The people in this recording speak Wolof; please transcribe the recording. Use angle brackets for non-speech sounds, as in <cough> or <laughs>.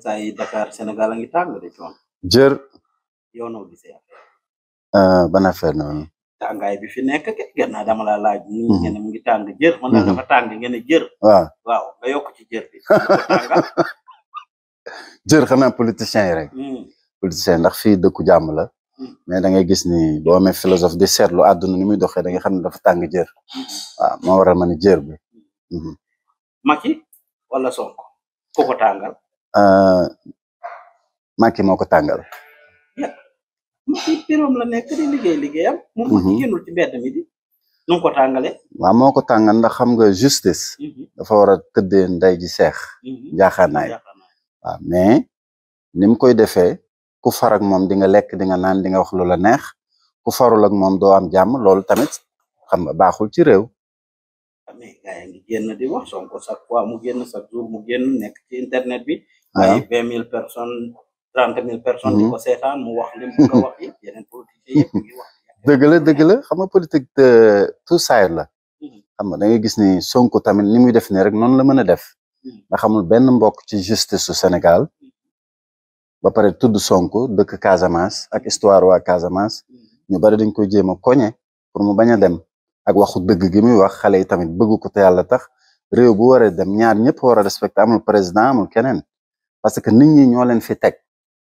saya takar Sénégal a ngi tàng de coon jër yow noo gisee ban affaire noonu tàngaay bi fi nekk gën naa dama laa laaj ni ngeen mu ngi tàng jër man la dafa tàng ngeen jër waaw waaw nga yokk ci jër bi jër xanaa politicien yi rek hmm. politicien ndax fii dëkku jàmm la hmm. mais da ngay gis ni boo amee philosophe di seetlu ni muy doxee da nga xam ne dafa tàng jër hmm. waaw moo waral ma Euh, Macky moo ko tàngal. Mhm. nu mu ko tàngalee. waaw moo ko tàngal ndax xam nga justice. Mhm. dafa war a tëddee nday ji seex. Mhm. jaaxaanaay waaw mais ni mu koy defee ku far ak moom di nga lekk di nga naan di nga wax lu la neex ku farul ak moom doo am jàmm loolu tamit xam nga baaxul ci réew. Ah, mais gars wax Sonko chaque fois mu génn chaque jour mu génn nekk ci internet bi. ay vingt mille personnes trente mille personnes di ko mhm. seetaan mu wax <laughs> la dëgg la xam nga politique de tout la mhm. xam nga da gis ni Sonko tamit ni muy def nii rek noonu la mën a def nga mhm. xamul benn mbokk ci justice su Sénégal ba pare tudd Sonko dëkk Casamance ak histoire waa Casamance ñu bari dañ koy jéem a koñe pour mu bañ a dem ak waxu dëgg gi muy wax xale yi tamit bëgg ko te yàlla tax réew bu waree dem ñaar ñëpp war a respecté amul président amul keneen parce que nit ñi ñoo leen fi teg